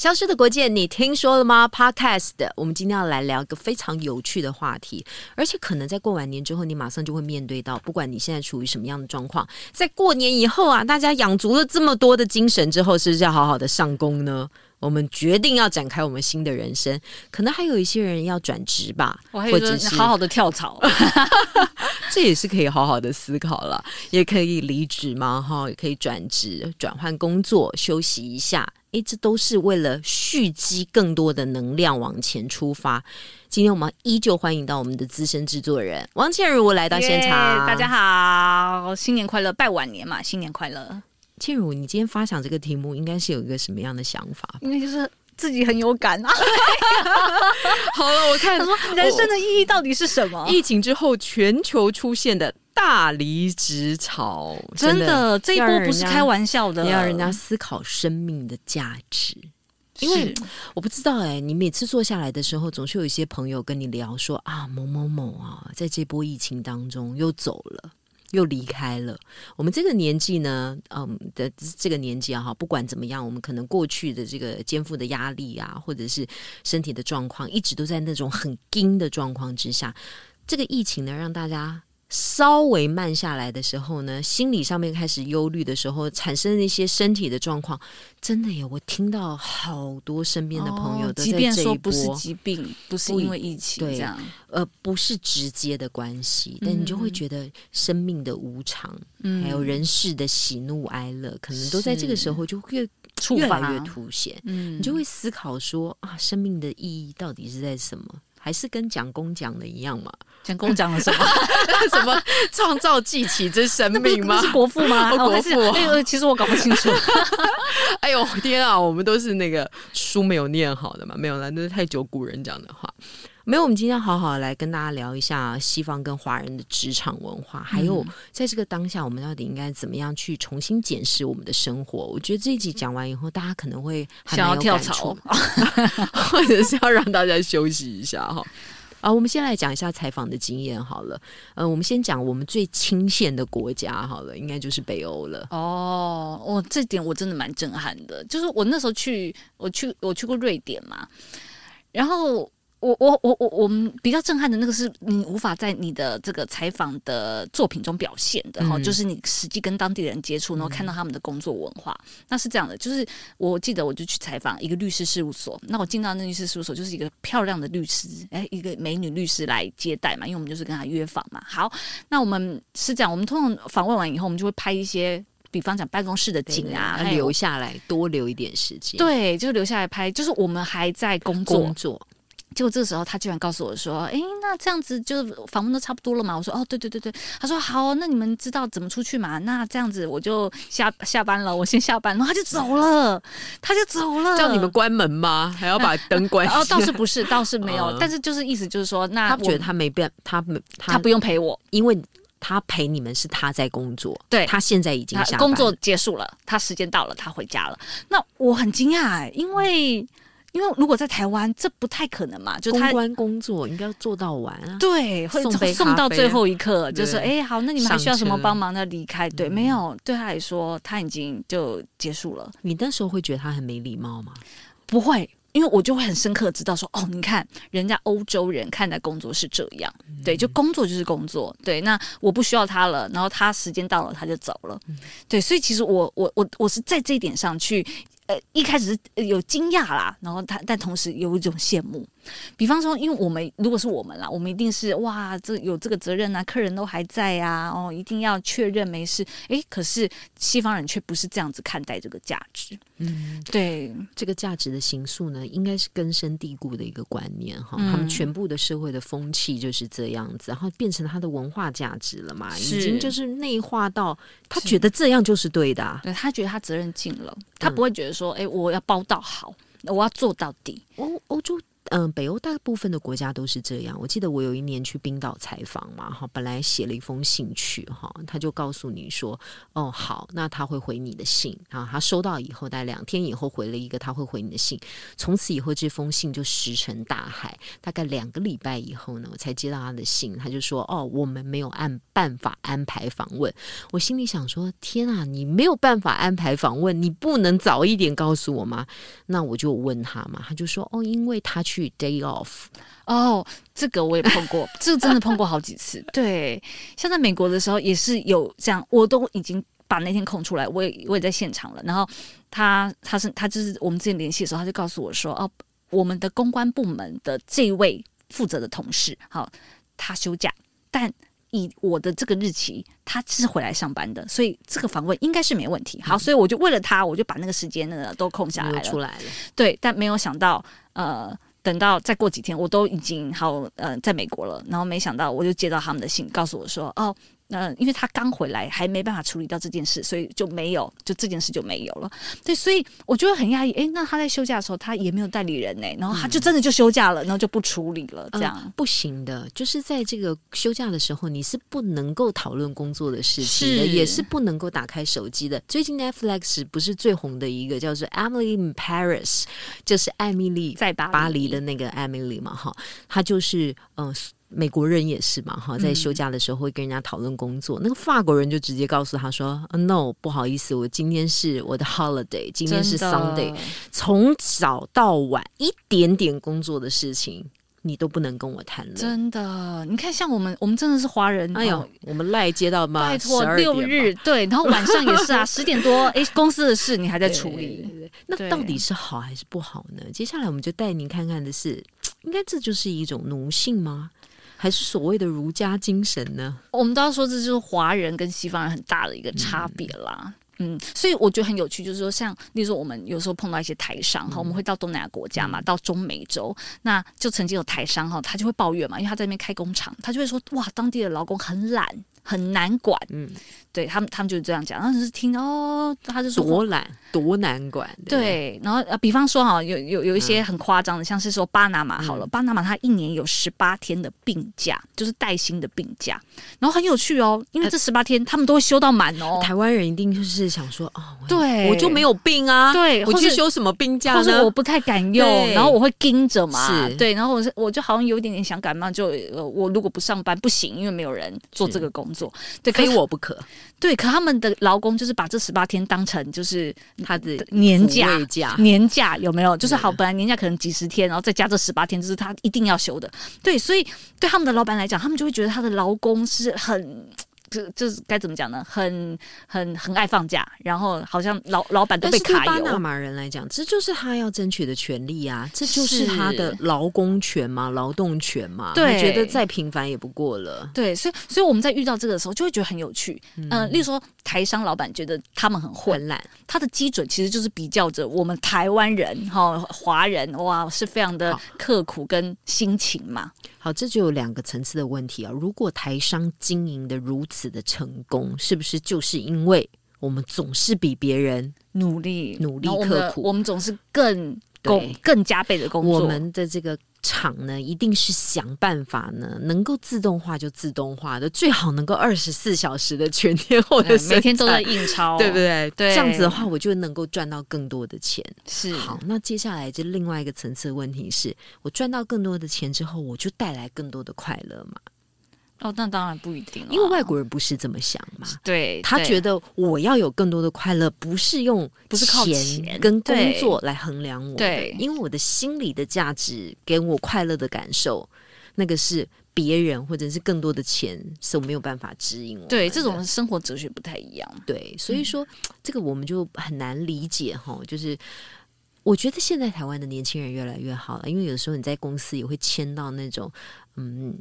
消失的國界，你聽說了嗎？Podcast，我們今天要來聊一個非常有趣的話題，而且可能在過完年之後，你馬上就會面對到，不管你現在處於什麼樣的狀況，在過年以後啊，大家養足了這麼多的精神之後，是不是要好好的上工呢？我們決定要展開我們新的人生，可能還有一些人要轉職吧我，或者是好好的跳槽， 這也是可以好好的思考了，也可以離職嘛，哈，也可以轉職、轉換工作，休息一下。一直都是為了蓄積更多的能量往前出發。今天我們依舊歡迎到我們的資深製作人汪倩如來到現場。Yeah, 大家好，新年快樂，拜晚年嘛，新年快樂。倩如，你今天發想這個題目，應該是有一個什麼樣的想法？應該就是自己很有感啊。 好了，我看說 人生的意義到底是什麼？疫情之後，全球出現的。大離職潮，真的，真的這一波不是開玩笑的，你要，要人家思考生命的價值。因為我不知道、欸，哎，你每次坐下來的時候，總是有一些朋友跟你聊說啊，某某某啊，在這波疫情當中又走了，又離開了。我們這個年紀呢，嗯的這個年紀啊，哈，不管怎麼樣，我們可能過去的這個肩負的壓力啊，或者是身體的狀況，一直都在那種很緊的狀況之下。這個疫情呢，讓大家，稍微慢下來的時候呢，心理上面開始憂慮的時候，產生那些身體的狀況，真的耶，我聽到好多身邊的朋友都在這、哦，即便說不是疾病，不，不是因為疫情這樣，對，呃，不是直接的關係，但你就會覺得生命的無常，嗯嗯，還有人世的喜怒哀樂、嗯，可能都在這個時候就會越觸發越凸顯、嗯，你就會思考說啊，生命的意義到底是在什麼？還是跟蔣公講的一樣嘛？蔣公講了什麼？ 什麼創造繼起之生命嗎？是，是國父嗎？哦哦、國父、哦？那個其實我搞不清楚。 哎呦天啊，我們都是那個書沒有念好的嘛，沒有了，那是太久古人講的話。沒有，我們今天好好來跟大家聊一下西方跟華人的職場文化，嗯、還有在這個當下，我們到底應該怎麼樣去重新檢視我們的生活？我覺得這一集講完以後，大家可能會想要跳槽， 或者是要讓大家休息一下哈。 啊，我們先來講一下採訪的經驗好了。呃，我們先講我們最親現的國家好了，應該就是北歐了。哦，哦，這點我真的蠻震撼的，就是我那時候去，我去我去過瑞典嘛，然後。我我我我我們比較震撼的那個是你無法在你的這個採訪的作品中表現的哈、嗯，就是你實際跟當地人接觸，然後看到他們的工作文化，嗯，那是這樣的。就是我記得我就去採訪一個律師事務所，那我進到那個律師事務所就是一個漂亮的律師，誒、欸，一個美女律師來接待嘛，因為我們就是跟他約訪嘛。好，那我們是這樣，我們通常訪問完以後，我們就會拍一些，比方講辦公室的景啊，啊，留下來多留一點時間，對，就留下來拍，就是我們還在工作。工作結果這個時候，他居然告訴我說：“哎，那這樣子就訪問都差不多了嘛。”我說：“哦，對對對對。”他說：“好，那你們知道怎麼出去嘛？那這樣子我就下下班了，我先下班。”然後他就走了，他就走了。叫你們關門嗎？還要把燈關上、啊啊啊？哦，倒是不是，倒是沒有。嗯、但是就是意思就是說，那我他覺得他沒變，他沒他，他不用陪我，因為他陪你們是他在工作，對，他現在已經下班工作結束了，他時間到了，他回家了。那我很驚訝，因為。因為如果在台灣，這不太可能嘛，就公關工作應該要做到完啊。對，會送，送到最後一刻，就是哎、欸，好，那你們還需要什麼幫忙的？離開，對，沒有，對他來說，他已經就結束了。你那時候會覺得他很沒禮貌嗎？不會，因為我就會很深刻知道說，哦，你看人家歐洲人看待工作是這樣、嗯，對，就工作就是工作，對，那我不需要他了，然後他時間到了他就走了、嗯，對，所以其實我我我我是在這一點上去。呃，一開始有驚訝啦，然後他，但同時有一種羨慕。比方說，因為我們如果是我們啦，我們一定是哇，這有這個責任啊，客人都還在呀，啊，哦，一定要確認沒事。哎，可是西方人卻不是這樣子看待這個價值。嗯，對，這個價值的形塑呢，應該是根深蒂固的一個觀念哈，嗯。他們全部的社會的風氣就是這樣子，然後變成了他的文化價值了嘛，已經就是內化到他覺得這樣就是對的，啊是對。他覺得他責任盡了，他不會覺得說，哎，嗯，我要包到好，我要做到底。歐歐洲。嗯，北歐大部分的國家都是這樣。我記得我有一年去冰島採訪嘛，哈，本來寫了一封信去，哈，他就告訴你說，哦，好，那他會回你的信啊。他收到以後，大概兩天以後回了一個，他會回你的信。從此以後，這封信就石沉大海。大概兩個禮拜以後呢，我才接到他的信，他就說，哦，我們沒有按辦法安排訪問。我心裡想說，天啊，你沒有辦法安排訪問，你不能早一點告訴我嗎？那我就問他嘛，他就說，哦，因為他去。Day off 哦、oh，這個我也碰過， 這個真的碰過好幾次。對，像在美國的時候也是有這樣，我都已經把那天空出來，我也我也在現場了。然後他他是他就是我們之前聯繫的時候，他就告訴我說：“哦，我們的公關部門的這位負責的同事，好，他休假，但以我的這個日期，他是回來上班的，所以這個訪問應該是沒問題。嗯”好，所以我就為了他，我就把那個時間呢都空下來了來了，對，但沒有想到呃。等到再過幾天，我都已經好，呃，在美國了，然後沒想到我就接到他們的信，告訴我說哦。那、呃、因為他剛回來，還沒辦法處理到這件事，所以就沒有，就這件事就沒有了。對，所以我覺得很壓抑。誒、欸，那他在休假的時候，他也沒有代理人呢、欸？然後他就真的就休假了，嗯、然後就不處理了。這樣、嗯、不行的，就是在這個休假的時候，你是不能夠討論工作的事情的，是也是不能夠打開手機的。最近 Netflix 不是最紅的一個叫做 Emily in Paris，就是艾米麗在巴黎巴黎的那個艾米麗嘛？哈，他就是嗯。呃美國人也是嘛哈，在休假的時候會跟人家討論工作、嗯。那個法國人就直接告訴他說、oh、：“No，不好意思，我今天是我的 holiday，今天是 Sunday，從早到晚一點點工作的事情，你都不能跟我談論。”真的，你看，像我們，我們真的是華人。哎呦，我們賴接到嗎，拜託，六日對，然後晚上也是啊，十 點多，哎、欸，公司的事你還在處理對對對對，那對對對對，那到底是好還是不好呢？接下來我們就帶您看看的是，應該這就是一種奴性嗎？還是所謂的儒家精神呢？我們都要說，這就是華人跟西方人很大的一個差別啦。嗯。嗯，所以我覺得很有趣，就是說，像例如說，我們有時候碰到一些台商哈、嗯，我們會到東南亞國家嘛、嗯，到中美洲，那就曾經有台商哈，他就會抱怨嘛，因為他在那邊開工廠，他就會說，哇，當地的勞工很懶。很難管，嗯，對他們，他們就是這樣講。當時是聽哦，他就說多懶，多難管。對,對，然後比方說哈，有有有一些很誇張的，像是說巴拿馬、嗯、好了，巴拿馬它一年有十八天的病假，就是帶薪的病假。然後很有趣哦，因為這十八天、呃、他們都會休到滿哦。台灣人一定就是想說哦，對，我就沒有病啊，對，我去休什麼病假呢？或者我不太敢用，然後我會盯着嘛是，對，然後我是我就好像有一點點想感冒，就我如果不上班不行，因為沒有人做這個工。工作對，可以我不可對，可他們的勞工就是把這十八天當成就是他的年假，假年假有沒有？就是好，本來年假可能幾十天，然後再加這十八天，就是他一定要休的。對，所以對他們的老闆來講，他們就會覺得他的勞工是很。就就是該怎麼講呢？很很很愛放假，然後好像老老闆都被卡油。對巴拿馬人來講，這就是他要爭取的權利啊！這就是他的勞工權嘛，勞動權嘛。我覺得再平凡也不過了。對，所以所以我們在遇到這個的時候，就會覺得很有趣。嗯，呃、例如說台商老闆覺得他們很混亂，嗯，他的基準其實就是比較着我們台灣人哈，華、哦、人哇是非常的刻苦跟辛勤嘛。好，這就有兩個層次的問題啊。如果台商經營的如此的成功，是不是就是因為我們總是比別人努力、努力刻苦？我們，我們總是更、更、更加倍的工作。我們的這個。場呢，一定是想辦法呢，能夠自動化就自動化的，最好能夠二十四小時的全天候的，每天都在印鈔，對不對，對？對，這樣子的話，我就能夠賺到更多的錢。是，好，那接下來這另外一個層次的問題是，我賺到更多的錢之後，我就帶來更多的快樂嘛。哦，那當然不一定啊，因為外國人不是這麼想嘛。對，對他覺得我要有更多的快樂，不是用不是靠錢，錢跟工作來衡量我對。對，因為我的心理的價值給我快樂的感受，那個是別人或者是更多的錢是我沒有辦法指引我。對，這種生活哲學不太一樣。對，所以說、嗯、這個我們就很難理解吼。就是我覺得現在台灣的年輕人越來越好了，因為有時候你在公司也會簽到那種嗯。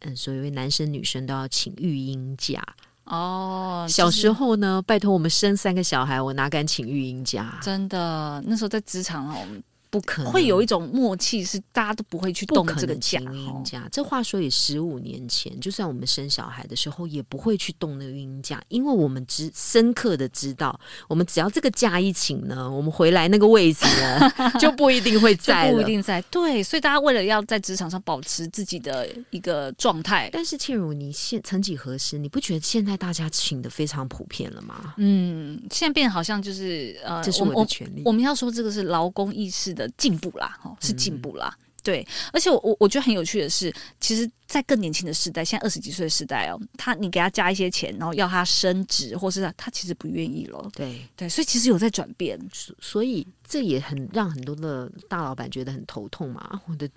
嗯，所以男生女生都要請育嬰假哦。小時候呢，就是、拜托我們生三個小孩，我哪敢請育嬰假？真的，那時候在職場哦我們。不可能。會有一種默契，是大家都不會去動這個假、哦。這話說也十五年前，就算我們生小孩的時候，也不會去動那個孕假，因為我們只深刻的知道，我們只要這個假一請呢，我們回來那個位置呢 就不一定會在了，不一定在。對，所以大家為了要在職場上保持自己的一個狀態，但是倩如，你現曾幾何時，你不覺得現在大家請的非常普遍了嗎？嗯，現在變得好像就是呃，這是我們的權利我我。我們要說這個是勞工意識。的進步啦，哦、是進步啦、嗯，對，而且我我我覺得很有趣的是，其實，在更年輕的時代，現在二十幾歲的時代哦，他你給他加一些錢，然後要他升職，或是他，他其實不願意了，對對，所以其實有在轉變，所以這也很讓很多的大老闆覺得很頭痛嘛，我的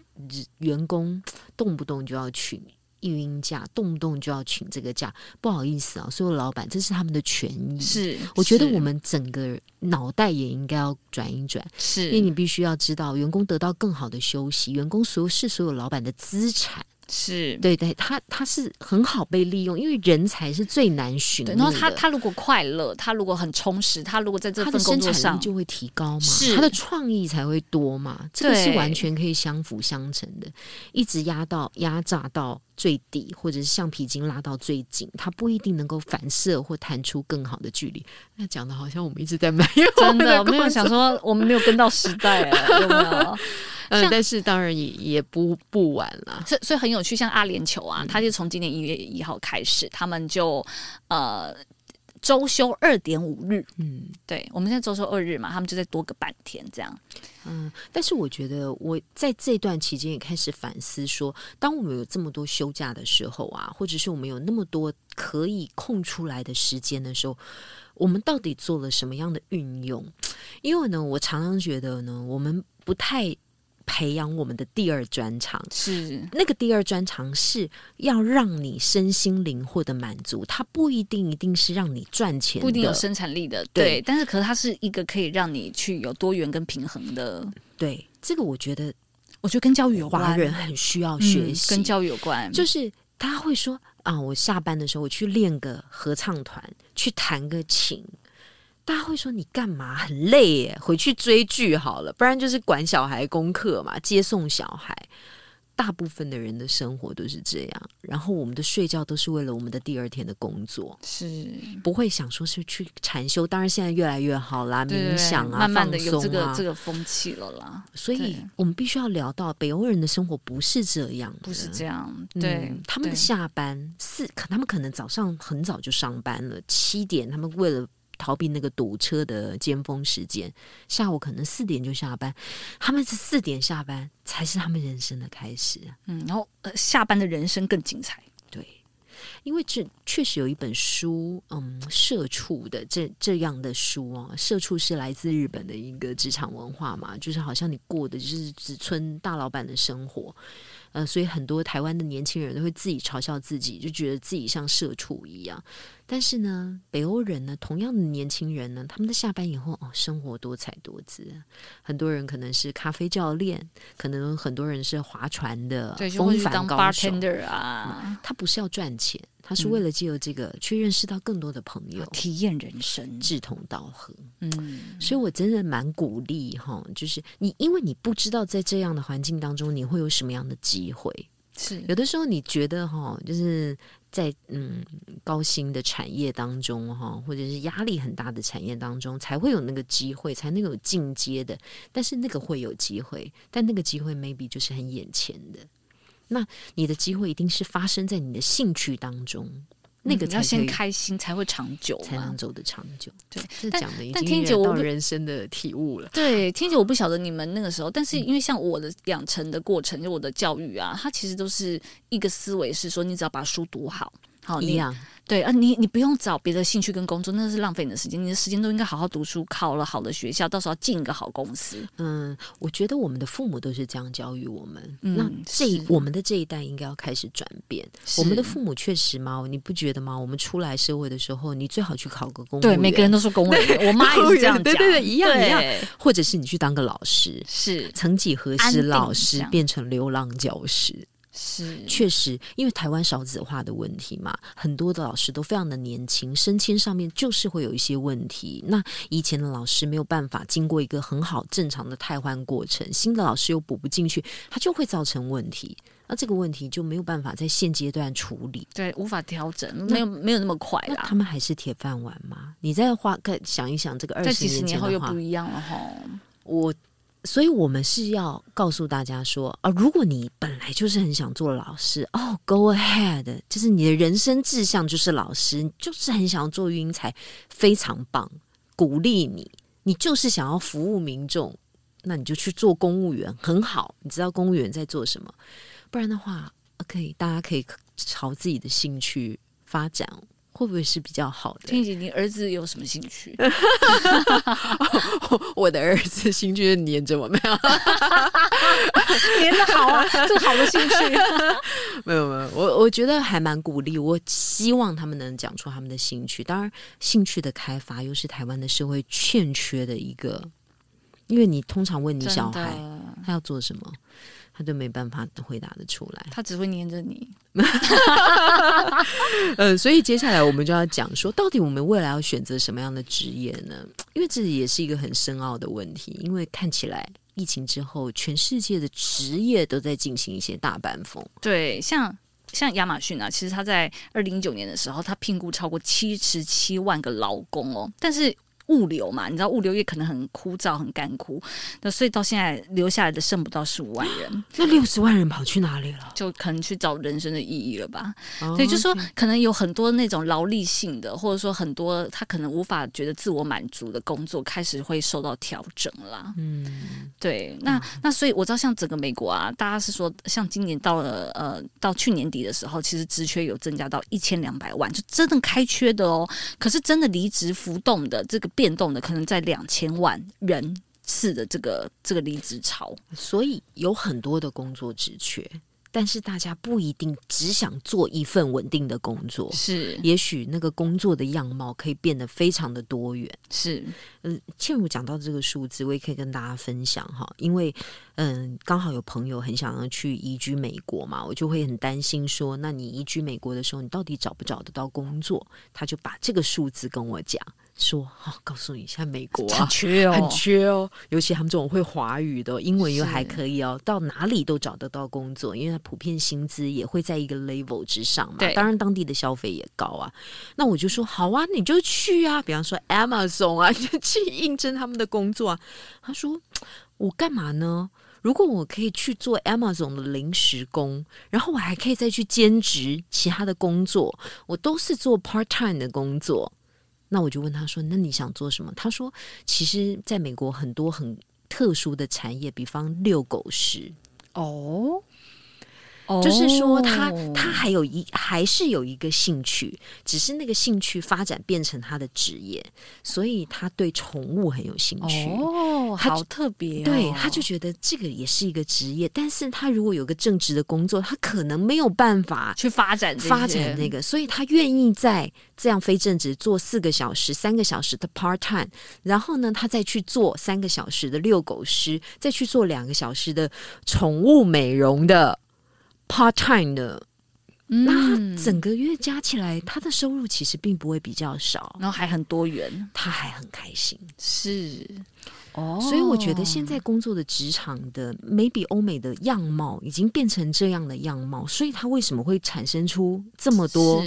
員工動不動就要去。一嬰假動不動就要請這個假，不好意思啊，所有老板，這是他們的權益。是，是我覺得我們整個腦袋也應該要轉一轉，是，因為你必須要知道，員工得到更好的休息，員工所有是所有老板的資產。是，對，對,對，對他他是很好被利用，因為人才是最難尋的。然後他他如果快樂，他如果很充實，他如果在這份工作上他的創意就會提高嘛，是他的創意才會多嘛，這個是完全可以相輔相成的，一直壓到壓榨到。最低或者是橡皮筋拉到最緊，它不一定能夠反射或彈出更好的距離。那講的好像我們一直在沒有的真的，沒有想說我們沒有跟到時代啊， 有沒有？嗯、呃，但是當然也也不不晚了。所所以很有趣，像阿聯酋啊，他、嗯、就從今年一月一號開始，他們就呃。週休二點五日，嗯，對，我們現在週休二日嘛，他們就再多個半天這樣，嗯，但是我覺得我在這段期間也開始反思說，當我們有這麼多休假的時候啊，或者是我們有那麼多可以空出來的時間的時候，我們到底做了什麼樣的運用？因為呢，我常常覺得呢，我們不太。培養我們的第二專長是那個第二專長是要讓你身心靈獲得滿足，它不一定一定是讓你賺錢，不一定有生產力的對。對，但是可是它是一個可以讓你去有多元跟平衡的。對，這個我覺得，我覺得跟教育有關，華人很需要學習、嗯，跟教育有關，就是他會說啊，我下班的時候我去練個合唱團，去彈個琴。他會說：“你幹嘛很累耶？回去追劇好了，不然就是管小孩功課嘛，接送小孩。大部分的人的生活都是這樣，然後我們的睡覺都是為了我們的第二天的工作，是不會想說是去禪修。當然，現在越來越好啦，冥想啊，慢慢的有這個、啊、這個風氣了啦。所以我們必須要聊到北歐人的生活不是這樣，不是這樣。對，嗯、他們的下班是，可他們可能早上很早就上班了，七點他們為了。”逃避那個堵車的尖峰時間，下午可能四點就下班。他們是四點下班才是他們人生的開始，嗯，然後、呃、下班的人生更精彩。對，因為這確實有一本書，嗯，社畜的這這樣的書啊。社畜是來自日本的一個職場文化嘛，就是好像你過的就是只村大老板的生活，呃，所以很多台灣的年輕人都會自己嘲笑自己，就覺得自己像社畜一樣。但是呢，北歐人呢，同樣的年輕人呢，他們的下班以後哦，生活多彩多姿。很多人可能是咖啡教練，可能很多人是划船的風帆高手。對，就會當 bartender 啊。嗯，他不是要賺錢，他是為了借由這個、嗯、去認識到更多的朋友，體驗人生，志同道合。嗯，所以我真的蠻鼓勵哈、哦，就是你，因為你不知道在這樣的環境當中你會有什麼樣的機會。是，有的時候你覺得哈、哦，就是。在嗯，高薪的產業當中哈，或者是壓力很大的產業當中，才會有那個機會，才能有進階的。但是那個會有機會，但那個機會 maybe 就是很眼前的。那你的機會一定是發生在你的興趣當中。那個、嗯、你要先開心才會長久，才能走得長久。對，是講的已經到人生的體悟了。起來悟了，對，天姐，我不曉得你們那個時候，但是因為像我的養成的過程，嗯、就是、我的教育啊，它其實都是一個思維，是說你只要把書讀好。好一樣，對啊，你你不用找別的興趣跟工作，那是浪費你的時間。你的時間都應該好好讀書，考了好的學校，到時候進一個好公司。嗯，我覺得我們的父母都是這樣教育我們。嗯、那這一我們的這一代應該要開始轉變。我們的父母確實嘛，你不覺得嗎？我們出來社會的時候，你最好去考個公務員，對，每個人都說公務員，我媽也是這樣講，對對，對一樣一樣。或者是你去當個老師，是曾幾何時老師變成流浪教師。是，確實，因為台灣少子化的問題嘛，很多的老師都非常的年輕，升遷上面就是會有一些問題。那以前的老師沒有辦法經過一個很好正常的汰換過程，新的老師又補不進去，他就會造成問題。那這個問題就沒有辦法在現階段處理，對，無法調整，沒有沒有那麼快、啊，那他們還是鐵飯碗嗎？你再花看想一想，這個二十年後又不一樣了哈。我，所以我們是要告訴大家說啊，如果你本。哎、就是很想做老師哦、oh，Go ahead，就是你的人生志向就是老師，就是很想要做育英才，非常棒，鼓勵你，你就是想要服務民眾，那你就去做公務員，很好，你知道公務員在做什麼，不然的話，OK，大家可以朝自己的興趣發展。會不會是比較好的？天姐，你兒子有什麼興趣？ 我，我的兒子興趣黏着我沒有， 黏的好啊，這好的興趣。 沒有沒有，我我覺得還蠻鼓勵。我希望他們能講出他們的興趣。當然，興趣的開發又是台灣的社會欠缺的一個，因為你通常問你小孩他要做什麼。他就沒辦法回答得出來，他只會黏着你。嗯 呃，所以接下來我們就要講說，到底我們未來要選擇什麼樣的職業呢？因為這也是一個很深奧的問題。因為看起來疫情之後，全世界的職業都在進行一些大搬風。對，像像亞馬遜啊，其實他在二零一九年的時候，他聘僱超過七十七萬個勞工哦，但是。物流嘛，你知道物流業可能很枯燥、很乾枯，那所以到現在留下來的剩不到十五萬人。那六十萬人跑去哪裡了？就可能去找人生的意義了吧？Oh, okay. 所以就說可能有很多那種勞力性的，或者說很多他可能無法覺得自我滿足的工作，開始會受到調整啦。嗯，對。那、嗯、那所以我知道，像整個美國啊，大家是說，像今年到了呃到去年底的時候，其實職缺有增加到一千兩百萬，就真的開缺的哦。可是真的離職浮動的這個。變動的可能在兩千萬人次的這個這個離職潮，所以有很多的工作職缺，但是大家不一定只想做一份穩定的工作，是，也許那個工作的樣貌可以變得非常的多元。是，嗯，倩如講到這個數字，我也可以跟大家分享哈，因為嗯，剛好有朋友很想要去移居美國嘛，我就會很擔心說，那你移居美國的時候，你到底找不找得到工作？他就把這個數字跟我講。說好，告訴你一下，現在美國啊，很缺哦，很缺哦，尤其他們這種會華語的，英文又還可以哦，到哪裡都找得到工作，因為他普遍薪資也會在一個 level 之上嘛。當然當地的消費也高啊。那我就說好啊，你就去啊，比方說 Amazon 啊，你就去應徵他們的工作啊。他說我幹嘛呢？如果我可以去做 Amazon 的臨時工，然後我還可以再去兼職其他的工作，我都是做 part time 的工作。那我就問他說：“那你想做什麼？”他說：“其實，在美國很多很特殊的產業，比方遛狗師哦，就是說他他還有一還是有一個興趣，只是那個興趣發展變成他的職業，所以他對寵物很有興趣。哦哦、好特別、哦，對，他就覺得這個也是一個職業，但是他如果有個正職的工作，他可能沒有辦法去發展去發展那個，所以他願意在這樣非正職做四個小時、三個小時的 part time，然後呢，他再去做三個小時的遛狗師，再去做兩個小時的寵物美容的 part time 的。那、嗯、整個月加起來，他的收入其實並不會比較少，然後還很多元，他還很開心，是。所以我覺得現在工作的職場的，maybe 歐美的樣貌已經變成這樣的樣貌，所以它為什麼會產生出這麼多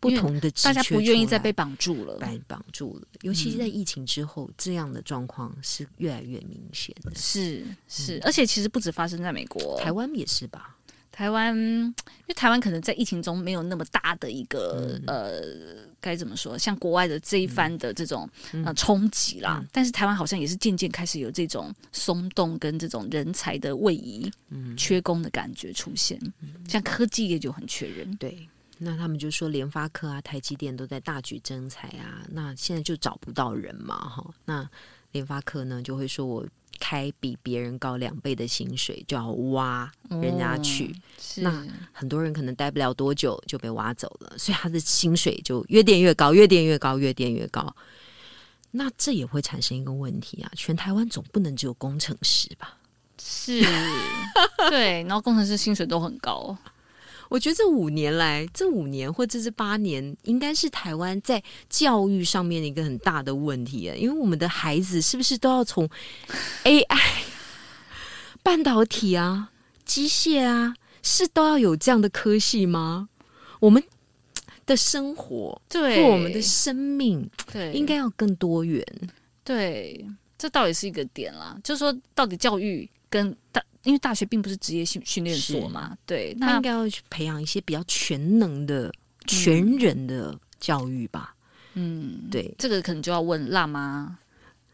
不同的？大家不願意再被綁住了，被綁住了。尤其是在疫情之後，這樣的狀況是越來越明顯的。是是、嗯，而且其實不止發生在美國，台灣也是吧。台灣，因為台灣可能在疫情中沒有那麼大的一個、嗯、呃，該怎麼說？像國外的這一番的這種、嗯、呃衝擊啦、嗯，但是台灣好像也是漸漸開始有這種鬆動跟這種人才的位移、嗯、缺工的感覺出現。嗯、像科技業就很缺人，對，那他們就說聯發科啊、台積電都在大舉徵才啊，那現在就找不到人嘛，哈。那聯發科呢就會說我。開比別人高兩倍的薪水就要挖人家去，哦，那很多人可能待不了多久就被挖走了，所以他的薪水就越墊越高，越墊越高，越墊越高。那這也會產生一個問題啊，全台灣總不能只有工程師吧？是 對，然後工程師薪水都很高。我覺得這五年來，這五年或者是八年，應該是台灣在教育上面的一個很大的問題。因為我們的孩子是不是都要從 AI、半導體啊、機械啊，是都要有這樣的科系嗎？我們的生活，對我們的生命，對應該要更多元。對，對，這倒也是一個點啦，就是說，到底教育。大，因為大學並不是職業訓訓練所嘛，對那，他應該要培養一些比較全能的、全人的教育吧。嗯，對，嗯、這個可能就要問辣媽、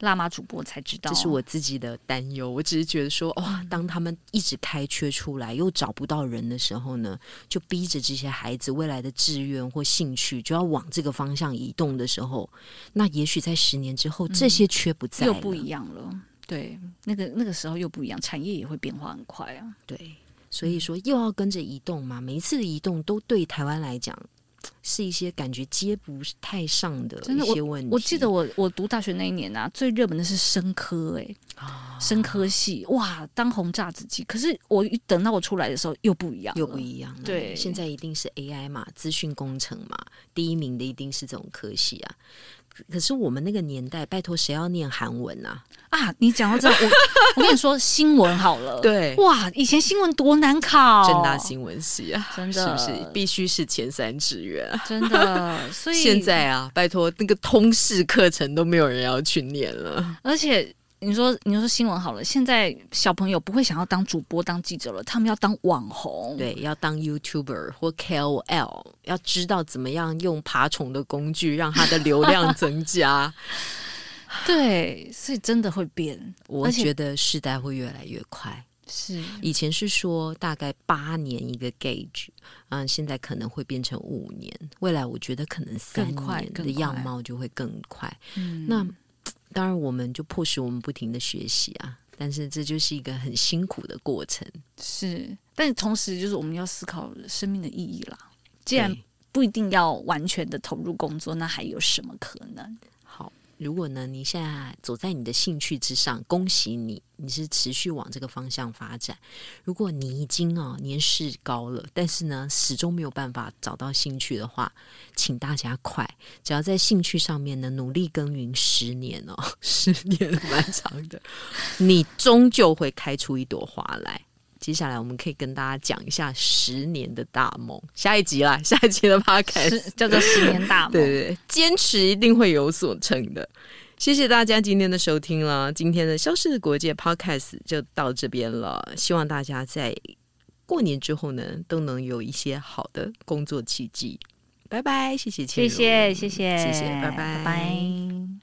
辣媽主播才知道、啊。這是我自己的擔憂，我只是覺得說，哇、哦，當他們一直開缺出來，又找不到人的時候呢，就逼着這些孩子未來的志願或興趣就要往這個方向移動的時候，那也許在十年之後，這些缺不在，就、嗯、不一樣了。對，那個那個時候又不一樣，產業也會變化很快啊。對，所以說又要跟着移動嘛，每一次的移動都對台灣來講是一些感覺接不太上的一些問題。真的我，我記得我我讀大學那一年啊，最熱門的是生科、欸，哎、啊，生科系哇，當紅炸子雞。可是我等到我出來的時候又不一樣，又不一樣了。對，現在一定是 AI 嘛，資訊工程嘛，第一名的一定是這種科系啊。可是我們那個年代，拜託誰要念韓文啊？啊，你講到這個，我 我跟你說新聞好了。對，哇，以前新聞多難考，政大新聞系啊，真的是不是必須是前三志願？啊？真的，所以 現在啊，拜託那個通識課程都沒有人要去念了，而且。你說，你說新聞好了。現在小朋友不會想要當主播，當記者了，他們要當網紅，對，要當 YouTuber 或 KOL，要知道怎麼樣用爬蟲的工具讓他的流量增加。 對，所以真的會變。我覺得時代會越來越快。是，以前是說大概八年一個 gauge，嗯，現在可能會變成五年。未來我覺得可能三年的樣貌就會更快。嗯，那。當然，我們就迫使我們不停的學習啊！但是這就是一個很辛苦的過程。是，但同時就是我們要思考生命的意義啦。既然不一定要完全的投入工作，那還有什麼可能？如果呢，你現在走在你的興趣之上，恭喜你，你是持續往這個方向發展。如果你已經啊、哦、年事高了，但是呢始終沒有辦法找到興趣的話，請大家快，只要在興趣上面呢努力耕耘十年哦，十年蠻長的， 你終究會開出一朵花來。接下來我們可以跟大家講一下十年的大夢，下一集啦，下一集的 podcast 叫做十年大夢， 對對對，堅持一定會有所成的。謝謝大家今天的收聽啦，今天的消失的國界 podcast 就到這邊了，希望大家在過年之後呢都能有一些好的工作契機。拜拜，謝謝，謝謝，謝謝，謝謝，拜拜，拜，拜。